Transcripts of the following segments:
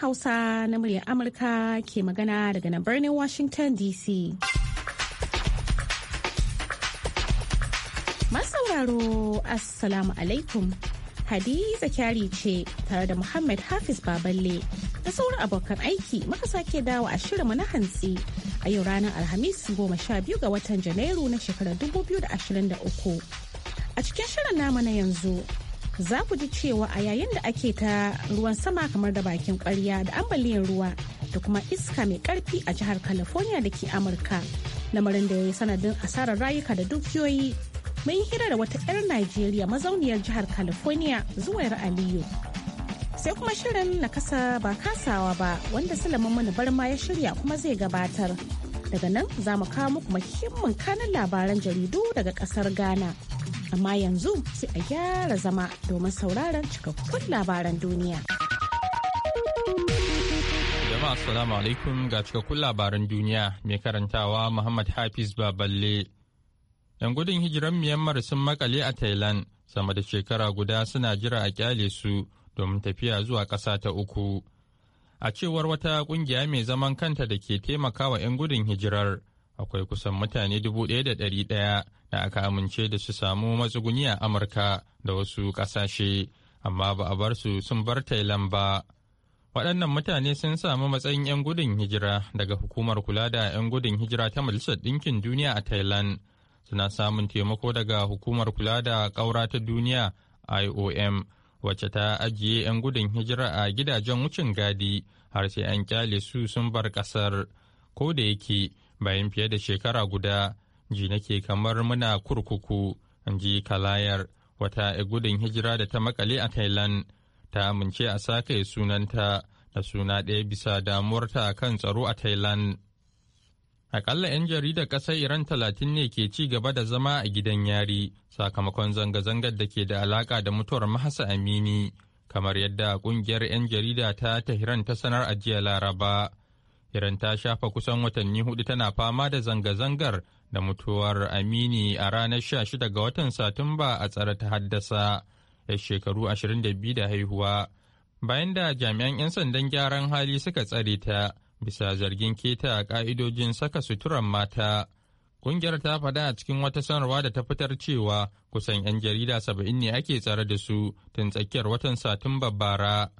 Hausa na muryar Amurka ke magana daga nan birnin Washington DC. Masauraro Assalamu alaikum. Hadiza kyari ce tare da Muhammad Hafiz Baballe da sauran abokan aiki muka sake dawo a shirinmu na hantsi a yau ranar Alhamis goma sha biyu ga watan Janairu na shekarar 2023. A cikin shirin namu na yanzu za ku ji cewa a yayin da ake ta ruwan sama kamar da bakin kwarya da ambaliyar ruwa da kuma iska mai karfi a jihar california da ke amurka lamarin da ya yi sanadin asarar rayuka da dukiyoyi mun hira da wata 'yar najeriya mazauniyar jihar california zuwair aliyu sai kuma shirin na kasa ba kasawa ba wanda sulamin mana barma ya shirya kuma zai gabatar daga nan za mu kawo muku muhimmin kanan labaran jaridu daga kasar ghana amma yanzu sai a gyara zama domin sauraron cikakkun labaran duniya. Jama'a Assalamu alaikum ga cikakkun labaran duniya mai karantawa Muhammad Hafiz Baballe. 'Yan gudun hijiran Myanmar sun makale a Thailand sama da shekara guda suna jira a kyale su domin tafiya zuwa ƙasa ta uku. A cewar wata ƙungiya mai zaman kanta da ke taimakawa 'yan gudun hijirar, akwai kusan mutane dubu ɗaya da ɗari ɗaya da aka amince da su samu matsuguni a amurka da wasu ƙasashe amma ba a bar su sun bar tailan ba waɗannan mutane sun samu matsayin 'yan gudun hijira daga hukumar kula da 'yan gudun hijira ta majalisar ɗinkin duniya a thailand suna samun taimako daga hukumar kula da ƙaura ta duniya iom wacce ta ajiye 'yan gudun hijira a gidajen wucin gadi har sai an kyale su sun bar ƙasar ko da yake bayan fiye da shekara guda ji nake kamar muna kurkuku in ji kalayar wata a gudun hijira da ta makale a thailand ta amince a sake sunanta da suna ɗaya bisa damuwarta kan tsaro a thailand akalla 'yan jarida ƙasar iran talatin ne ke ci gaba da zama a gidan yari sakamakon zanga-zangar da ke da alaƙa da mutuwar mahasa amini kamar yadda ƙungiyar 'yan jarida ta tahiran ta sanar a jiya laraba Iran ta shafa kusan watanni hudu tana fama da zanga-zangar da mutuwar Amini a ranar 16 ga watan Satumba a tsare ta haddasa da shekaru 22 da haihuwa. Bayan da jami'an 'yan sandan gyaran hali suka tsare ta bisa zargin keta a ka'idojin saka suturan mata. ƙungiyar ta faɗa a cikin wata sanarwa da ta fitar cewa kusan 'yan jarida 70 ne ake tsare da su tun tsakiyar watan Satumba bara.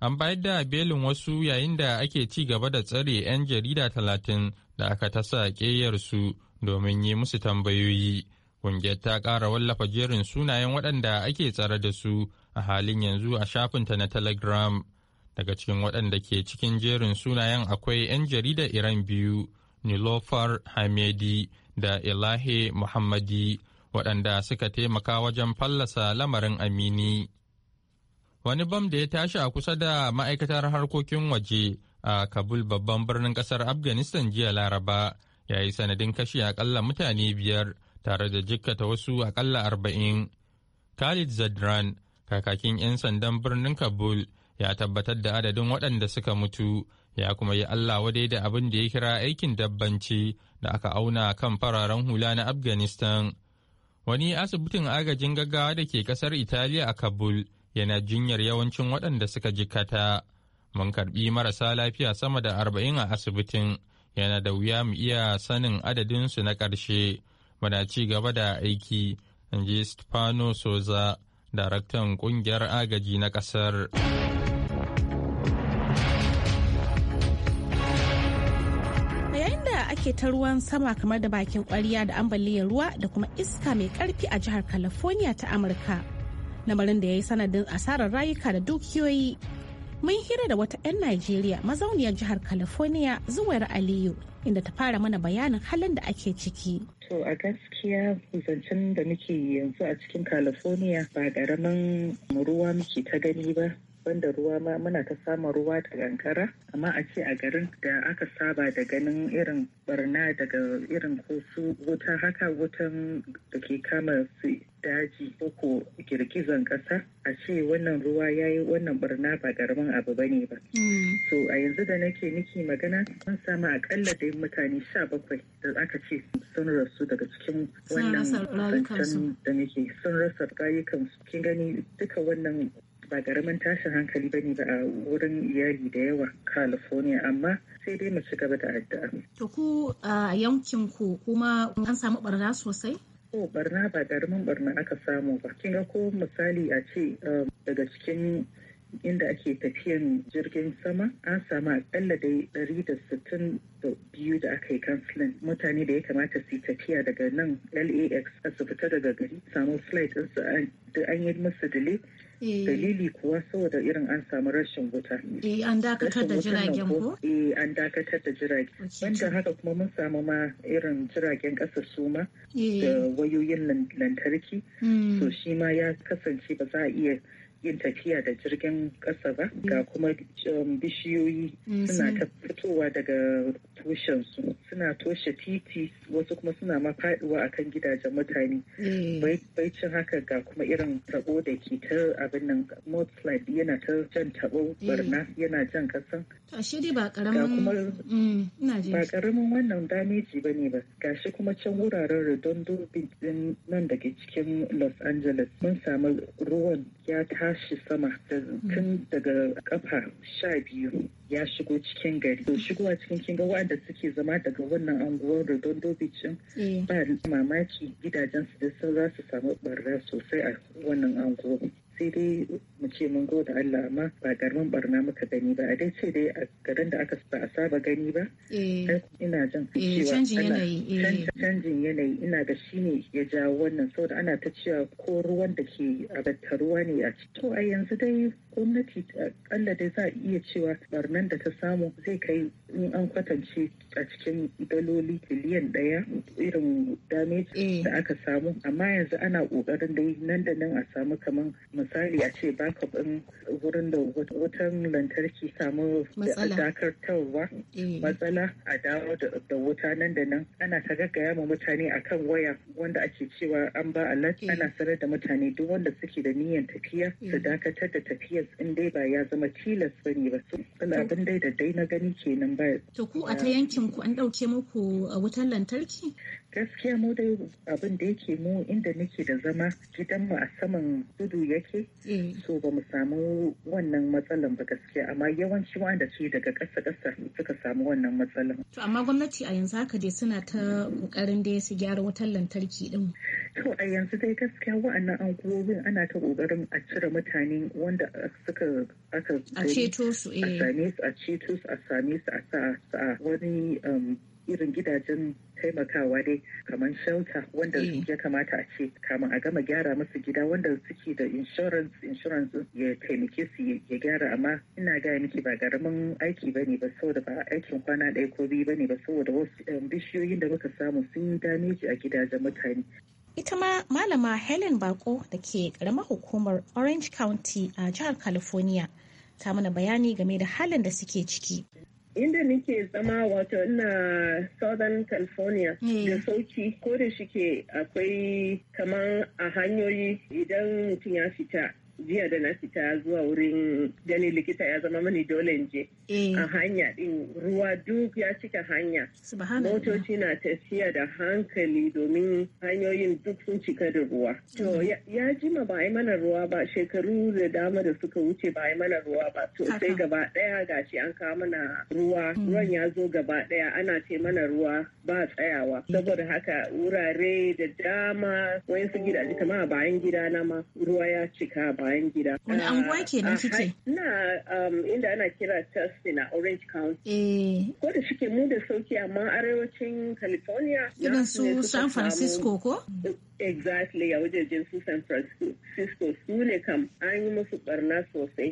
an bayar da belin wasu yayin da ake ci gaba da tsare 'yan jarida talatin da aka ta sa ƙeyarsu domin yi musu tambayoyi ƙungiyar ta ƙara wallafa jerin sunayen waɗanda ake tsare da su a halin yanzu a shafinta na telegram daga cikin waɗanda ke cikin jerin sunayen akwai 'yan jarida iran biyu nilofar hamedi da ilahe muhammadi waɗanda suka taimaka wajen fallasa lamarin amini wani bam da ya tashi a kusa da ma'aikatar harkokin waje a kabul babban birnin kasar afghanistan jiya laraba ya yi sanadin kashe akalla mutane biyar tare da jikkata wasu akalla arba'in khalid zadran kakakin 'yan sandan birnin kabul ya tabbatar da adadin waɗanda suka mutu ya kuma yi allah wadai da abin da ya kira aikin dabbanci da aka auna kan fararen hula na afghanistan wani asibitin agajin gaggawa da ke kasar italiya a kabul yana jinyar yawancin waɗanda suka jikata mun karbi marasa lafiya sama da arba'in a asibitin yana da wuya mu iya sanin adadinsu na ƙarshe muna ci gaba da aiki in ji stefano soza daraktan ƙungiyar agaji na ƙasar da ake ta ruwan sama kamar da bakin kwariya da ambaliyar ruwa da kuma iska mai karfi a jihar california ta amurka lamarin da ya yi sanadin asarar rayuka da dukiyoyi mun hira da wata 'yan najeriya mazauniyar jihar california zuwair aliyu inda ta fara mana bayanin halin da ake ciki to a gaskiya zancen da muke yanzu a cikin california ba ƙaramin ruwa muke ta gani ba banda ruwa ma muna ta samun ruwa da kankara amma a ce a garin da aka saba da ganin irin barna daga irin kosu wuta haka wutan da ke kama su daji ko girgizan ƙasa a ce wannan ruwa ya yi wannan barna ba garman abu ba ne ba. Mm. So a yanzu da nake niki magana an samu akalla da mutane sha bakwai da aka ce sun rasu daga cikin wannan zancen da nake sun rasa su Kin gani duka wannan ba garman tashin hankali ba ne ba a wurin iyali da yawa california amma sai dai mu ci gaba da addu'a. to ku a yankin ku kuma an samu barna sosai ko barna ba garman barna aka samu ba. Kin ga ko misali a ce um, daga cikin inda ake tafiyan jirgin sama an samu akalla dai ɗari da sittin da biyu da aka yi kansilin mutane da ya kamata su tafiya daga nan lax a su fita daga gari samu flight ɗinsu an yi masa delay eh. dalili kuwa saboda irin an samu rashin wuta. Eh, an dakatar da jiragen ko? Eh an dakatar da jirage. Wanda haka kuma mun samu ma irin jiragen ƙasa suma eh. da wayoyin lantarki. Hmm. To shi ma ya kasance ba za a iya yin tafiya da jirgin ƙasa ba ga kuma um, bishiyoyi mm-hmm. suna ta fitowa daga tushensu suna toshe titi wasu kuma suna mafaɗuwa a akan gidajen mutane mm. baicin haka ga kuma irin tabo da ke ta abin nan mudslide yana ta jan tabo mm. barna yana jan ƙasan ba karamin mm, wannan dameji ba ne ba gashi kuma can wuraren redondo nan daga cikin los angeles mun samu ruwan ya ta tashi sama mm. tun daga kafa sha biyu ya shigo cikin gari to shigowa cikin kinga wanda suke zama daga wannan anguwar redondo beach eh. ba mamaki gidajen su da sun za su samu barra sosai a wannan anguwar sai dai mu ce mun gode Allah amma ba garman barna muka gani ba a dai ce dai a garin da aka ba a saba gani ba eh. ina jin eh, cewa eh. canjin yanayi ina ga shine ya jawo wannan saboda ana ta cewa ko ruwan da ke a ruwa ne a to a yanzu dai gwamnati akalla dai za a iya cewa barnan da ta samu zai kai in an kwatance a cikin daloli biliyan ɗaya irin damage eh. da aka samu amma yanzu ana ƙoƙarin dai nan da nan a samu kamar misali a ce baka ɗin wurin da wutan lantarki samu dakatarwa eh. matsala a dawo da wuta nan da nan ana ta gaggaya ma mutane akan waya wanda ake cewa an ba alat eh. ana sanar da mutane duk wanda suke da niyyar tafiya su dakatar da tafiya in dai ba ya zama tilas bane ba su abin dai da dai na gani kenan ba to shin ku an ɗauke muku eh, wutar lantarki? gaskiya mu dai abin da yake mu inda nake da zama gidanmu a saman gudu yake eh. so ba mu samu wannan matsalan ba gaskiya amma yawanci wanda ce daga kasa ƙasa suka samu wannan matsalan to amma gwamnati a yanzu haka dai suna ta ƙoƙarin da su gyara wutar lantarki din to a yanzu dai gaskiya wa'annan anguwowin ana ta ƙoƙarin a cire mutane wanda suka aka a ceto su a eh. same su a ceto su a same su a sa wani um, irin gidajen taimakawa dai kamar shelter wanda eh. ya kamata a ce kamin a gama gyara musu gida wanda suke da insurance insurance ya taimake su ya gyara amma ina gaya miki ba garamin aiki ba ne ba saboda ba aikin kwana ɗaya ko biyu ba ne ba saboda wasu eh, bishiyoyin da muka samu sun yi dameji a gidajen mutane ita ma malama helen bako da ke karamar hukumar orange county a jihar california ta mana bayani game da halin da suke ciki inda nake zama wato ina southern california mm. da sauki ko da shike akwai kaman a hanyoyi idan mutum ya fita jiya da na fita zuwa wurin ganin likita ya zama mani dole in je eh. a hanya din ruwa duk ya cika hanya motoci na tafiya da hankali domin hanyoyin duk sun cika da ruwa to mm. ya jima ba mana ruwa ba shekaru da dama da suka wuce ba mana ruwa ba to sai gaba daya gashi an kawo mana ruwa mm. ruwan ya zo gaba daya ana ce mana ruwa ba tsayawa mm. saboda haka wurare da dama wayansu gidaje kamar a bayan gida na ma ruwa ya cika ba bayan gida. Wani anguwa kenan kike? Na um, inda ana kira Tustin a Orange County. Eh. Ko da suke mu da sauki amma arewacin California. Irin su San Francisco ko? Exactly a wajejen su San Francisco su ne kam an yi musu barna sosai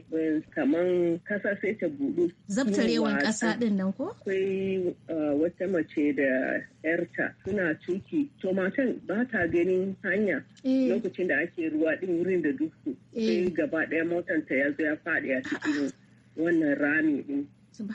kaman kasa sai ta budu. Zabtarewan kasa din nan ko? Akwai uh, wata mace da yarta suna cuki to ba ta ganin hanya eh. lokacin da ake ruwa din wurin da duhu. Eh. sai gaba ɗaya motanta ya zo ya faɗi a cikin wannan rami din So,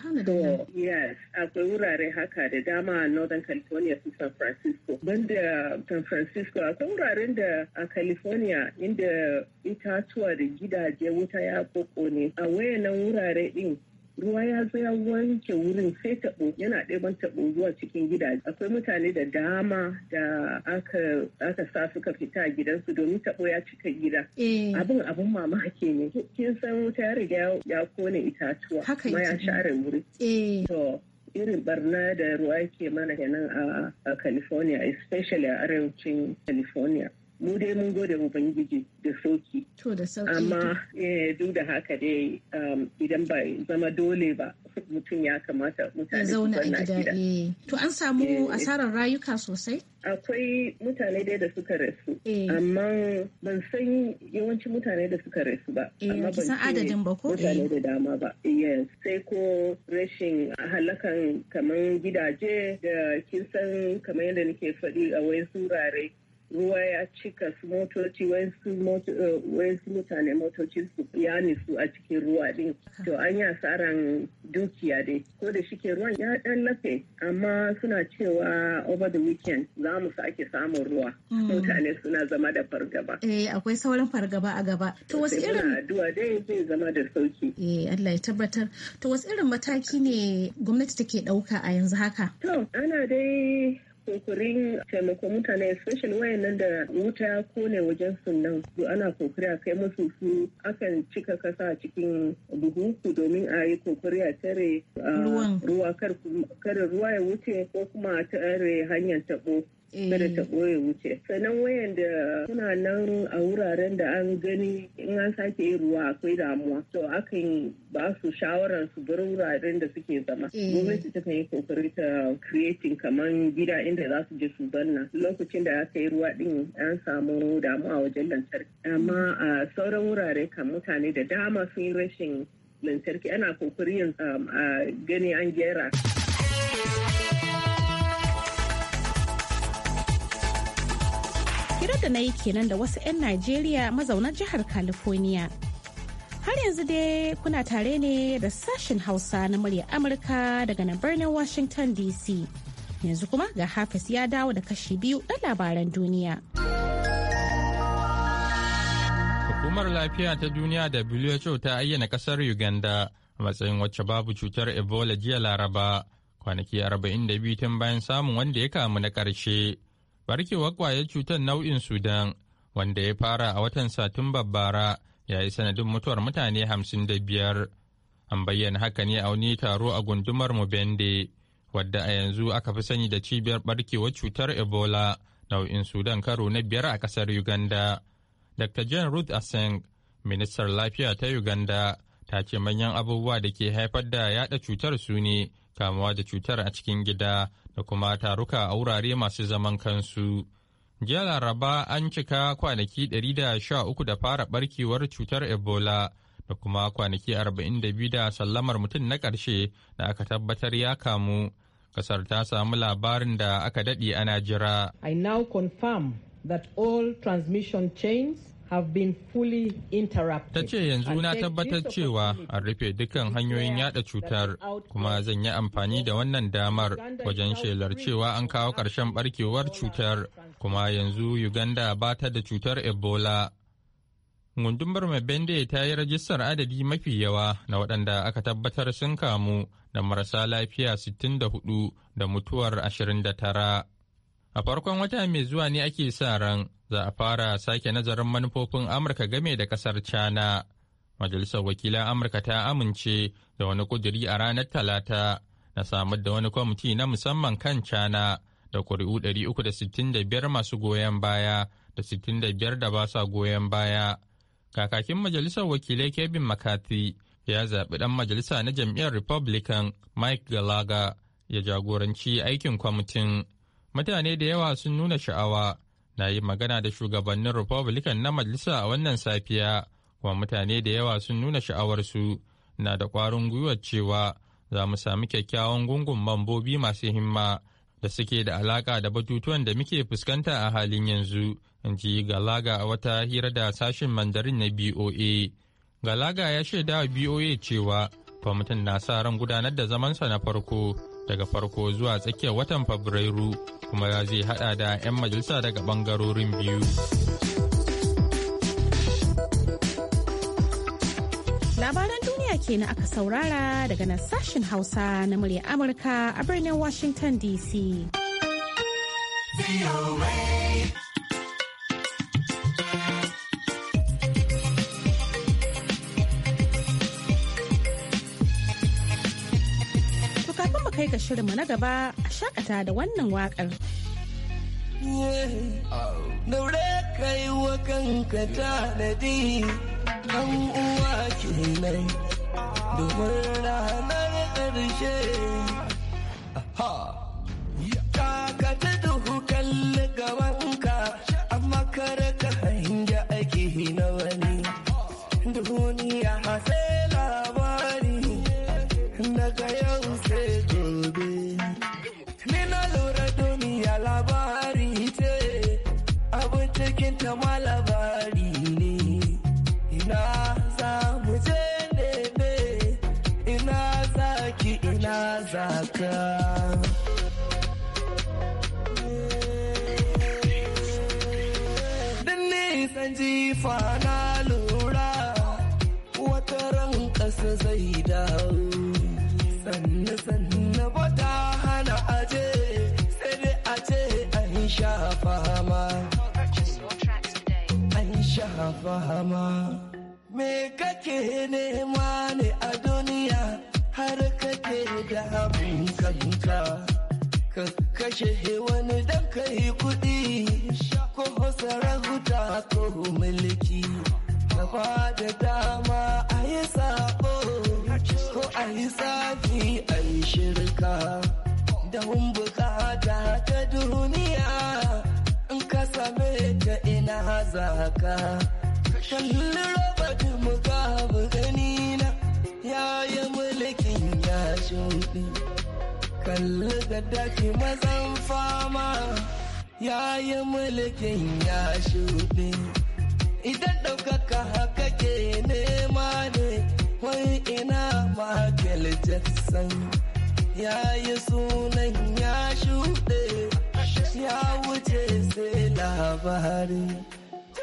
yes, akwai wurare haka da dama a Northern California su San Francisco. Banda San Francisco akwai wuraren da a California inda itatuwa da gidaje wuta ya koko ne. A wayannan wurare din ruwa ya zo ya wanke wurin sai taɓo yana ɗaiban taɓo zuwa cikin gidaje akwai mutane da dama da aka aka sa suka fita gidansu domin taɓo ya cika gida eh. abin abin mamaki ne kin san wuta ya riga ya kone itatuwa kuma ya share wuri eh. to irin barna da ruwa ke mana kenan a California especially a arewacin California mu dai mun gode mu ubangiji da sauki to da amma eh, duk da haka dai um, idan ba zama dole ba mutum ya kamata mutane su zauna a gida eh. to an samu eh, asarar rayuka sosai akwai mutane dai da suka rasu amma ban san yawancin mutane da suka rasu ba amma ban san adadin ba ko mutane da dama ba yes sai ko rashin halakan kamar gidaje da kin san kamar yadda nake faɗi a wasu wurare ruwa ya cika su motoci su eh, mutane motoci su ya nisu a cikin ruwa din to an yi asaran dukiya dai ko da shike ruwan ya dan lafe amma suna cewa over the weekend za mu sake samun ruwa hmm. mutane suna zama da fargaba eh akwai sauran fargaba a gaba to wasu irin addu'a dai zai zama da sauki eh Allah ya tabbatar to wasu irin mataki ne gwamnati take dauka a yanzu haka to ana dai kokarin taimakon mutane especially wayan nan da wuta ya kone wajen sunan su ana kokari a kai masu su akan cika kasa cikin buhu su domin a yi kokari a tare ruwa kar ruwa ya wuce ko kuma a tare hanyar tabo kada eh. ta ɓoye wuce sannan wayan da suna nan a wuraren da an gani in an sake yin ruwa akwai damuwa to akan ba su shawarar su bar wuraren da suke zama eh. gwamnati ta kan yi kokari ta creating kamar gida inda za su je su zanna lokacin da aka yi ruwa din an samu damuwa wajen lantarki amma a sauran wurare kan mutane da dama sun yi rashin lantarki ana kokari um, a gani an gyara. Hira da na yi kenan da wasu 'yan Najeriya mazauna jihar California. Har yanzu dai kuna tare ne da sashen Hausa na murya Amurka daga nan birnin Washington DC. Yanzu kuma ga Hafiz ya dawo da kashi biyu na labaran duniya. Hukumar lafiya ta duniya da WHO ta ayyana kasar Uganda a matsayin wacce babu cutar Ebola jiya Laraba kwanaki 42 tun bayan samun wanda ya kamu na ƙarshe. barkewar kwayar cutar nau'in sudan wanda ya fara a watan satumbar bara ya yi sanadin mutuwar mutane hamsin da biyar an bayyana haka ne a wani taro a gundumar mubende wadda a yanzu aka fi sani da cibiyar barkewar cutar ebola nau'in sudan karo na biyar a ƙasar uganda dr jane ruth aseng ministar lafiya ta uganda ta ce manyan abubuwa da ke haifar da yada cutar su ne kamuwa da cutar a cikin gida da kuma taruka a wurare masu zaman kansu. Jiya Laraba an cika kwanaki 113 da fara barkewar cutar Ebola da kuma kwanaki 42 da sallamar mutum na ƙarshe da aka tabbatar ya kamu. Kasar ta samu labarin da aka daɗe ana jira. I now confirm that all transmission chains Ta ce yanzu na tabbatar cewa an rufe dukkan hanyoyin yada cutar kuma zan yi amfani da wannan damar wajen shelar cewa an kawo ƙarshen barkewar cutar kuma yanzu Uganda ba ta da cutar Ebola. Gundumar Mabende ta yi rajistar adadi mafi yawa na waɗanda aka tabbatar sun kamu da marasa lafiya 64 da mutuwar 29. A farkon wata mai zuwa ne ake sa ran za a fara sake nazarin manufofin Amurka game da kasar China. Majalisar wakilan Amurka ta amince da wani kuduri a ranar Talata na samar da wani kwamiti na musamman kan China da kuri'u 365 masu goyon baya da 65 da ba sa goyon baya. Kakakin Majalisar Wakilai Kevin McCarthy ya zaɓi ɗan majalisa na jam'iyyar Republican Mike Gallagher ya jagoranci aikin kwamitin. mutane da yawa sun nuna sha'awa na yi magana da shugabannin republican na majalisa a wannan safiya kuma mutane da yawa sun nuna sha'awarsu na da ƙwarin gwiwar cewa za mu sami kyakkyawan gungun mambobi masu himma da suke da alaƙa da batutuwan da muke fuskanta a halin yanzu in ji galaga a wata hira da sashen mandarin na boa galaga ya shaida wa boa cewa kwamitin na sa ran gudanar da zamansa na farko daga farko zuwa tsakiyar watan Fabrairu kuma ya zai hada da 'yan majalisa daga bangarorin biyu. Labaran duniya ke kenan aka saurara daga nan sashen Hausa na murya Amurka a birnin Washington DC. kai ka shirinmu na gaba a shakata da wannan waƙar. Daure kai wa kanka tanadi ɗan uwa kenan domin ranar ƙarshe. ki ina zaka nisan jifa na lura wata ran ƙasa zai dawo sannu sannu bata hana aje sai dai a an sha fama an sha fama me kake nema ne a duniya har da abin kanka ka kashe wani dan yi kuɗi ko sarauta ko mulki ka da dama a yi sabo ko a yi sabi a yi shirka don bukata ta duniya in ka same ta ina za ka kalli roba Kalli kalli gaddafi mazan fama ya yi mulkin ya shuɗe idan ɗaukaka haka ke nema ne wai ina Michael Jackson ya yi sunan ya shuɗe ya wuce sai labari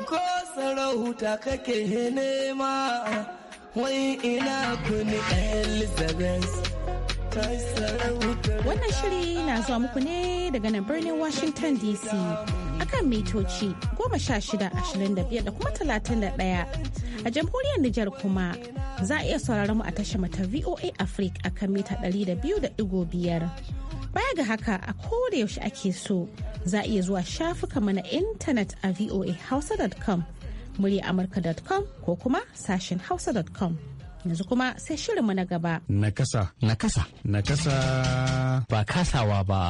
ko sarauta kake nema wai ina kuni Elizabeth Wannan shiri na zuwa muku ne daga nan birnin Washington DC akan mitoci ashirin da kuma daya a jamhuriyar Nijar kuma za a iya sauraron mu a tashar mata VOA Africa akan mita ɗari da da biyu biyar Baya ga haka a koda yaushe ake so za a iya zuwa shafuka mana intanet a voahausa.com murya amurka.com ko kuma sashen hausa.com yanzu kuma sai shirinmu na gaba. Nakasa. Nakasa. Nakasa. Ba kasawa ba.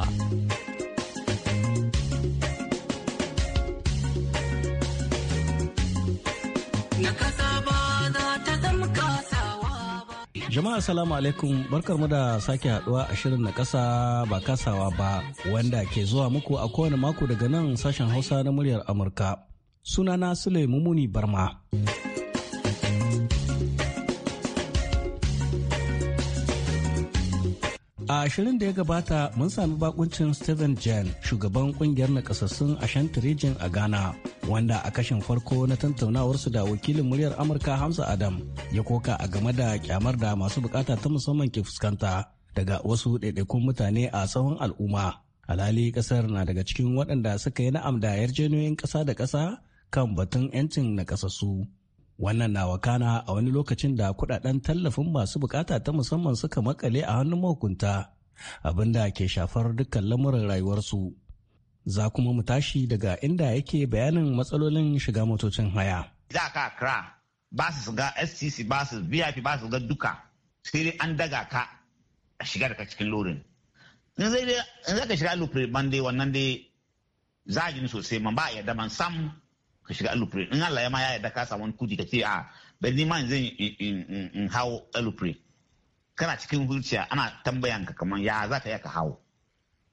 Jama'a salamu alaikum barkarmu da sake haduwa a shirin na kasa ba kasawa ba wanda ke zuwa muku a kowane mako daga nan sashen hausa na muryar Amurka. Sunana Sule Mumuni Barma. A shirin da ya gabata mun sami bakuncin Steven Jen, shugaban kungiyar nakasassun Ashanti Region a Ghana, wanda a kashin farko na tattaunawarsu da wakilin muryar Amurka Hamza Adam ya koka a game da kyamar da masu bukata ta musamman ke fuskanta daga wasu ɗaiɗaikun mutane a tsawon al'umma. Alhali kasar na daga cikin waɗanda suka yi na'am da yarjejeniyoyin ƙasa da ƙasa kan batun 'yancin nakasassu. wannan na wakana a wani lokacin da kudaden tallafin masu bukata ta musamman suka makale a hannun mahukunta abin da ke shafar dukkan lamurin rayuwarsu za kuma mu tashi daga inda yake bayanin matsalolin shiga motocin haya za ka kira ba su shiga stc ba su vip ba su ga duka sai an daga ka a shiga daga cikin lorin in zai ka shiga lupre ban dai wannan dai zagin sosai ma ba a yarda man sam ka shiga alupre in Allah ya ma ya yarda ka samu wani kuji ka ce a ah, bari ni ma zan in hawo alupre kana cikin hulciya ana tambayan ka kaman ya za ka yi ka hawo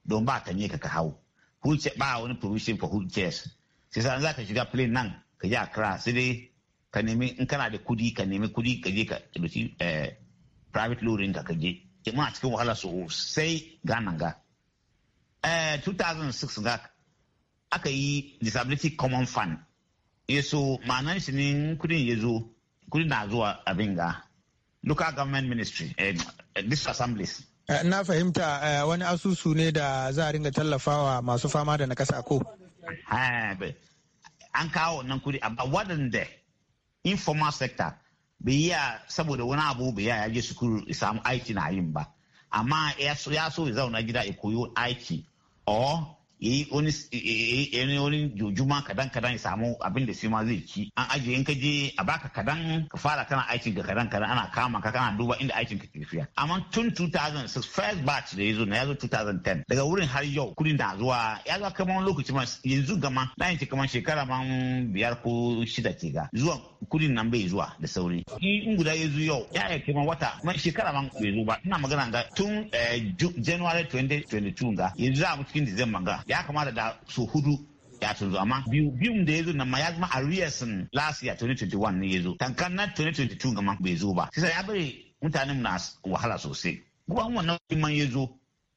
don ba ka ne ka ka hawo hulciya ba wani provision for hulciyas sai sa za ka shiga plane nan ka je Accra sai dai ka nemi in kana da kudi ka nemi kudi ka je ka dauki eh, private loading ka ka je jama'a eh, cikin wahala sosai ganan ga 2006 eh, ga aka yi disability common fund yeso eh, ma'anan shi ne kudin ya zo kudin na zuwa abin ga local government ministry eh, assemblies eh, na fahimta eh, wani asusu ne da za a ringa tallafawa masu fama da nakasa ko an kawo wannan kudi a waɗanda informal sector bai yi saboda wani abu bai yi yaje su samu aiki na yin ba amma ya so ya zauna gida ya koyo aiki or yi wani wani jujuma kadan kadan ya samu abin da shi ma zai ci an ajiye in ka je a baka kadan ka fara kana aikin ka kadan kadan ana kama ka kana duba inda aikin ka ke tafiya amma tun 2006 first batch da zo na zo 2010 daga wurin har yau kudin da zuwa ya zo kamar lokaci ma yanzu gama na yanci kamar shekara ma biyar ko shida ke ga zuwa kudin nan bai zuwa da sauri in guda ya zo yau ya yi ma wata shekara ma bai zo ba ina magana ga tun eh, January 2022 ga yanzu za mu cikin December ga ya kamata da su hudu ya tunzu amma biyu biyu da ya zo na ma ya zama ariasin last year 2021 ne ya zo kankan na 2022 gama bai zo ba sai ya bari mutanen na wahala sosai kuma wannan man ya zo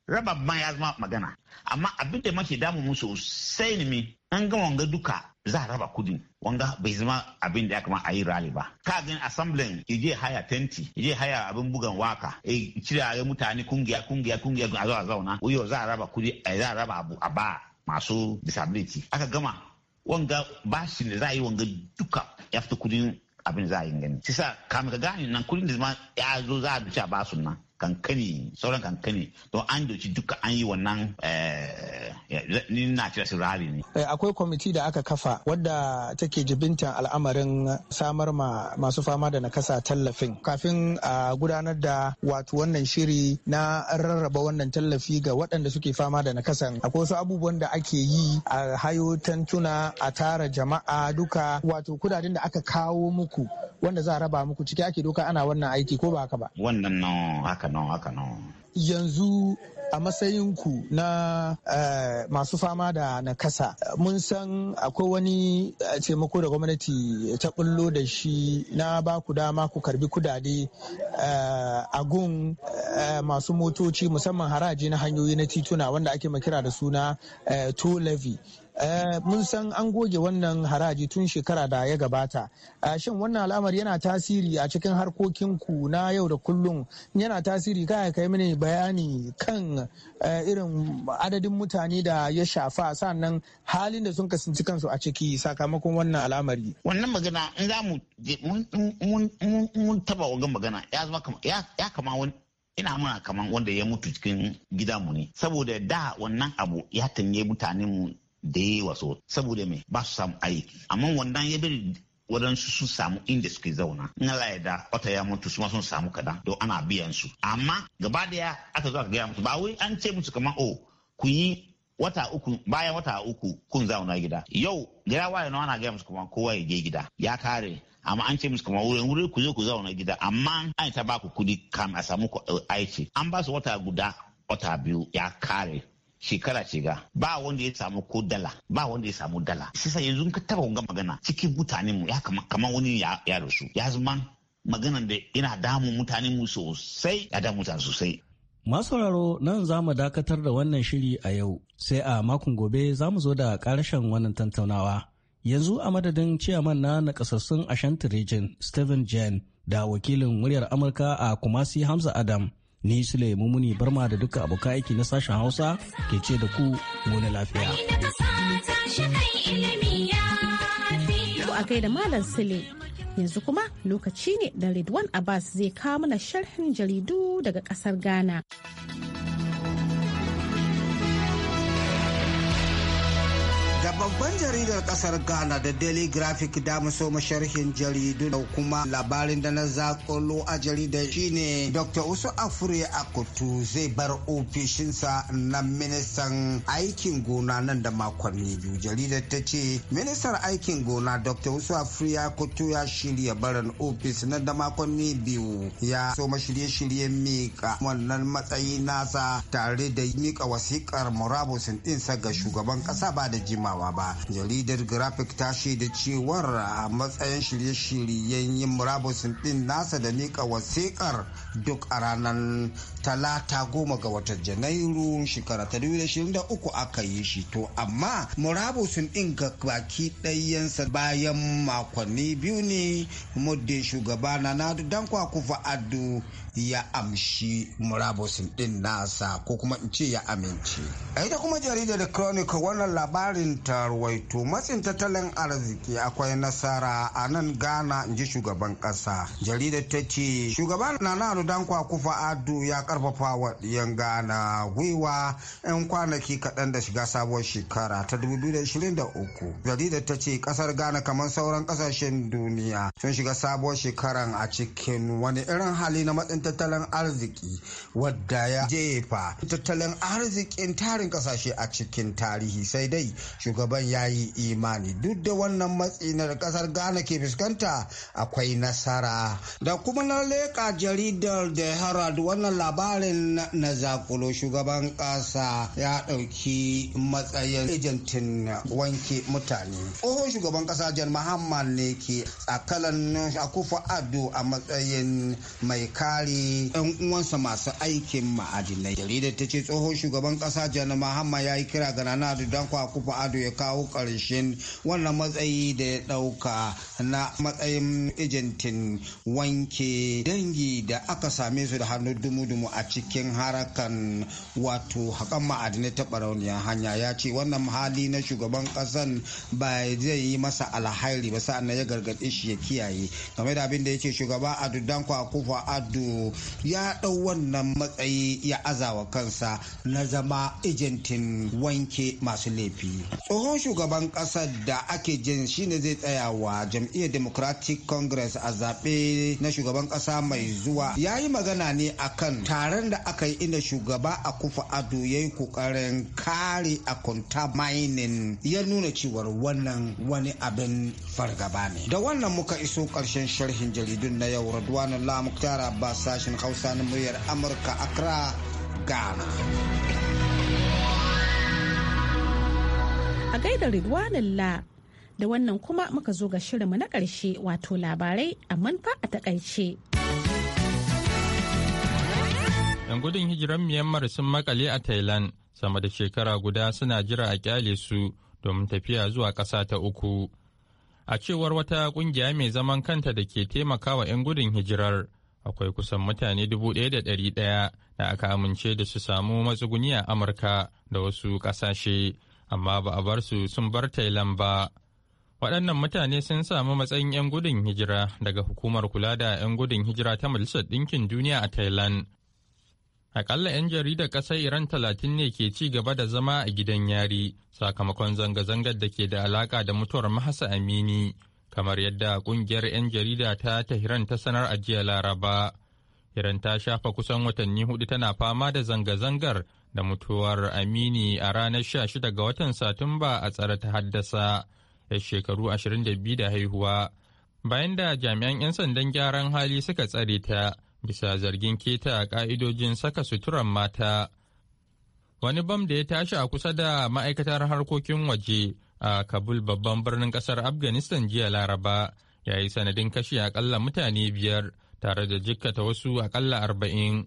raba ma ya zama magana amma abin da mace damu mu sosai ne an ga wanga duka za a raba kudin wanga bai zama abin da ya kama a yi rali ba ka gani assembly ya je haya tenti ya je haya abin bugan waka ya cire ya mutane kungiya kungiya kungiya a zo a zauna wuyo za a raba kudi eh, za a raba abu a ba masu disability aka gama wanga bashin da za a yi wanga duka ya fita kudin abin za a yi gani sisa kamin ka gane nan kudin da zama ya zo za a duce a basun nan kankani sauran kankani to an doci duka an yi wannan eh, eh, ni na cire su rari ne. Eh, akwai kwamiti da aka kafa wadda take jibintan al'amarin samar ma masu fama da nakasa tallafin kafin a gudanar da wato wannan shiri na rarraba wannan tallafi ga waɗanda suke fama da nakasan akwai wasu abubuwan da ake yi a hayo tantuna a tara jama'a duka wato kudaden da aka kawo muku wanda za a raba muku ciki ake doka ana wannan aiki ko ba haka ba wannan haka nan haka nan yanzu a matsayinku na eh, masu fama da nakasa mun san akwai wani eh, taimako da gwamnati ta bullo da shi na ba ku dama ku karbi kudade eh, a gun masu motoci musamman haraji na hanyoyi na tituna wanda ake makira da suna to levy Eh, mun san an goge wannan haraji tun shekara da ya gabata eh, shin wannan al'amari yana tasiri a cikin harkokinku na yau da kullum yana tasiri kai kai mini bayani kan eh, irin adadin mutane da ya shafa sannan halin da sun kasance kansu a ciki sakamakon wannan al'amari wannan magana in za mu mun taba wagan magana ya zama ya kama wani ina muna kaman wanda ya mutu cikin mu ne saboda da wannan abu ya tanye mutanen mu da yawa so saboda me ba su samu aiki amma wannan ya bari waɗansu sun samu inda suke zauna in Allah ya wata ya mutu su ma sun samu kaɗan don ana biyan su amma gaba daya aka zo aka gaya musu ba wai an ce musu kamar o oh, kun yi wata uku bayan wata uku kun zauna gida yau gida waye na ana gaya musu kamar kowa ya je gida ya kare amma an ce musu kamar wurin wuri ku zo ku zauna gida amma an ta ba ku kuɗi kam a samu eh, aiki an ba su wata guda wata biyu ya kare shekara ga ba wanda ya samu ko dala ba wanda ya samu dala sisa yanzu ka taba wanga magana cikin mutanen mu ya kama kamar wani ya rasu ya zama magana da yana damu mutanen mu sosai ya damu mutane sosai Masauraro nan za mu dakatar da wannan shiri a yau, sai a makon gobe za mu zo da karshen wannan tantaunawa. Yanzu a madadin ciyaman na nakasassun Ashanti Region, Stephen Jen, da wakilin muryar Amurka a Kumasi Hamza Adam, ni sule muni barma da duka abuka aiki na sashen hausa ke ce da ku gona lafiya a kai da malam sule yanzu kuma lokaci ne da ridwan abbas zai kawo mana sharhin jaridu daga kasar ghana Da babban jaridar kasar Ghana da Daily Graphic da maso masharhin jaridu da kuma labarin da na zakolo a jaridar shine Dr. Usu Afure Akutu zai bar ofishinsa na ministan aikin gona nan da makonni biyu. Jaridar ta ce ministan aikin gona Dr. Usu Afure Akutu ya shirya barin ofis na da makonni biyu ya soma shirye-shirye mika wannan matsayi nasa tare da mika wasikar murabusin ɗinsa ga shugaban ƙasa ba da jima girmamawa ba jaridar graphic ta shaida cewar a matsayin shirye-shiryen yin murabus din nasa da nika wasikar duk a ranar talata goma ga watan janairu shekara ta uku aka yi shi to amma murabusun din ga baki ɗayansa bayan makonni biyu ne muddin shugaba na nadu dankwa kufa adu ya amshi murabusin din nasa ko kuma in ce ya amince A ita kuma Jarida da chronicle wannan labarin ta ruwaito matsin tattalin arziki akwai nasara a nan Gana in ji shugaban ƙasa. Jarida ta ce shugaban na nana dankwa kwakufa ado ya karfafa wa yan Gana. gwiwa yan kwanaki kaɗan da shiga sabuwar shekara ta 2023 Jarida ta ce kasar ghana kamar sauran kasashen duniya sun shiga sabuwar shekaran a cikin wani irin hali na matsin tattalin arziki wadda ya jefa tattalin arzikin tarin kasashe a cikin tarihi sai dai shugaban ya yi imani duk da wannan matsi na kasar ghana ke fuskanta akwai nasara da kuma na leƙa jaridar da herald wannan labarin na zakulo shugaban kasa ya ɗauki matsayin ejentin wanke mutane tsohon shugaban kasa jan muhammad ne ke tsakalan akufa ado a matsayin mai kari. kare 'yan uwansa masu aikin ma'adinai jaridar ta ce tsohon shugaban kasa janar mahama ya yi kira ga nana da danko akufa ado ya kawo karshen wannan matsayi da ya dauka na matsayin ejentin wanke dangi da aka same su da hannu dumu-dumu a cikin harakan wato hakan ma'adinai ta barauniyar hanya ya ce wannan hali na shugaban kasan ba zai yi masa alhairi ba sa'an ya gargaɗe shi ya kiyaye game da abin da yake shugaba ado danko kufa ado ya ɗau wannan matsayi ya azawa kansa na zama ejentin wanke masu laifi. Tsohon shugaban ƙasar da ake jin shine zai tsaya wa jam'iyyar Democratic Congress a zaɓe na shugaban ƙasa mai zuwa ya yi magana ne akan taron da aka yi inda shugaba a kufa ado ya yi ƙoƙarin kare a akunta mining ya nuna cewar wannan wani abin fargaba ne. Da wannan muka iso ƙarshen sharhin jaridun na yau Radwan tara basa sashen hausa na muryar amurka accra ghana a gaida ridwanullah da wannan kuma muka zo ga shirinmu na ƙarshe wato labarai a manfa a takaice. yan gudun hijiran myanmar sun makale a thailand sama da shekara guda suna jira a kyale su domin tafiya zuwa ƙasa ta uku a cewar wata ƙungiya mai zaman kanta da ke taimakawa 'yan gudun hijirar akwai kusan mutane dubu ɗaya da ɗari ɗaya da aka amince da su samu matsuguni a amurka da wasu ƙasashe amma ba a bar su sun bar tailan ba waɗannan mutane sun samu matsayin 'yan gudun hijira daga hukumar kula da 'yan gudun hijira ta majalisar ɗinkin duniya a thailand akalla 'yan jaridar ƙasar iran talatin ne ke ci gaba da zama a gidan yari sakamakon zanga-zangar da ke da alaƙa da mutuwar mahasa amini kamar yadda kungiyar 'yan jarida ta hiran ta sanar a jiya Laraba. hiran ta shafa kusan watanni hudu tana fama da zanga-zangar da mutuwar Amini a ranar 16 ga watan Satumba a tsare ta haddasa, ya shekaru 22 da haihuwa. Bayan da jami'an 'yan sandan gyaran hali suka tsare ta bisa zargin keta ka'idojin saka suturan mata. Wani bam da ya tashi a kusa da ma'aikatar harkokin waje a kabul babban birnin kasar afghanistan jiya laraba ya yi sanadin kashe akalla mutane biyar tare da jikkata wasu akalla arba'in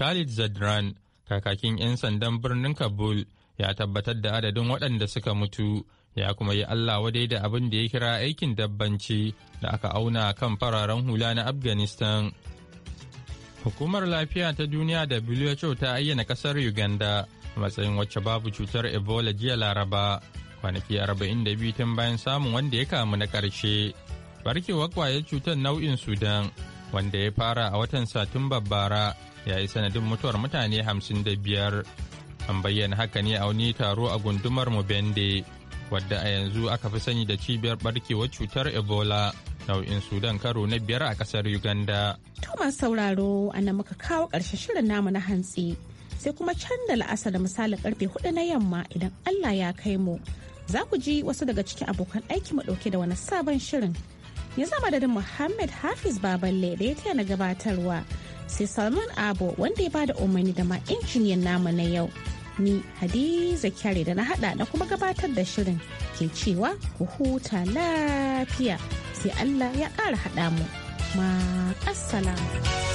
khalid zadran kakakin 'yan sandan birnin kabul ya tabbatar da adadin waɗanda suka mutu ya kuma yi allah wadai da abin da ya kira aikin dabbanci da aka auna kan fararen hula na afghanistan hukumar lafiya ta duniya da who ta ayyana ƙasar uganda matsayin wacce babu cutar ebola jiya laraba kwanaki 42 tun bayan samun wanda ya kamu na karshe Barkewar kwayar cutar nau'in Sudan wanda ya fara a watan Satumbar bara ya yi sanadin mutuwar mutane 55. An bayyana haka ne a wani taro a gundumar Mubende wadda a yanzu aka fi sani da cibiyar barkewar cutar Ebola. nau'in sudan karo na biyar a kasar uganda thomas sauraro ana muka kawo ƙarshe shirin namu na hantsi sai kuma canza da la'asa da misalin karfe hudu na yamma idan allah ya kai mu za ku ji wasu daga cikin abokan aiki mu ɗauke da wani sabon shirin. Ya zama da Muhammad Hafiz Baballe da ya na gabatarwa. Sai Salman Abo wanda ya bada umarni da ma injiniyan namu na yau. Ni Hadiza Kyare da na hada na kuma gabatar da shirin ke cewa ku huta lafiya sai Allah ya kara haɗa mu. Ma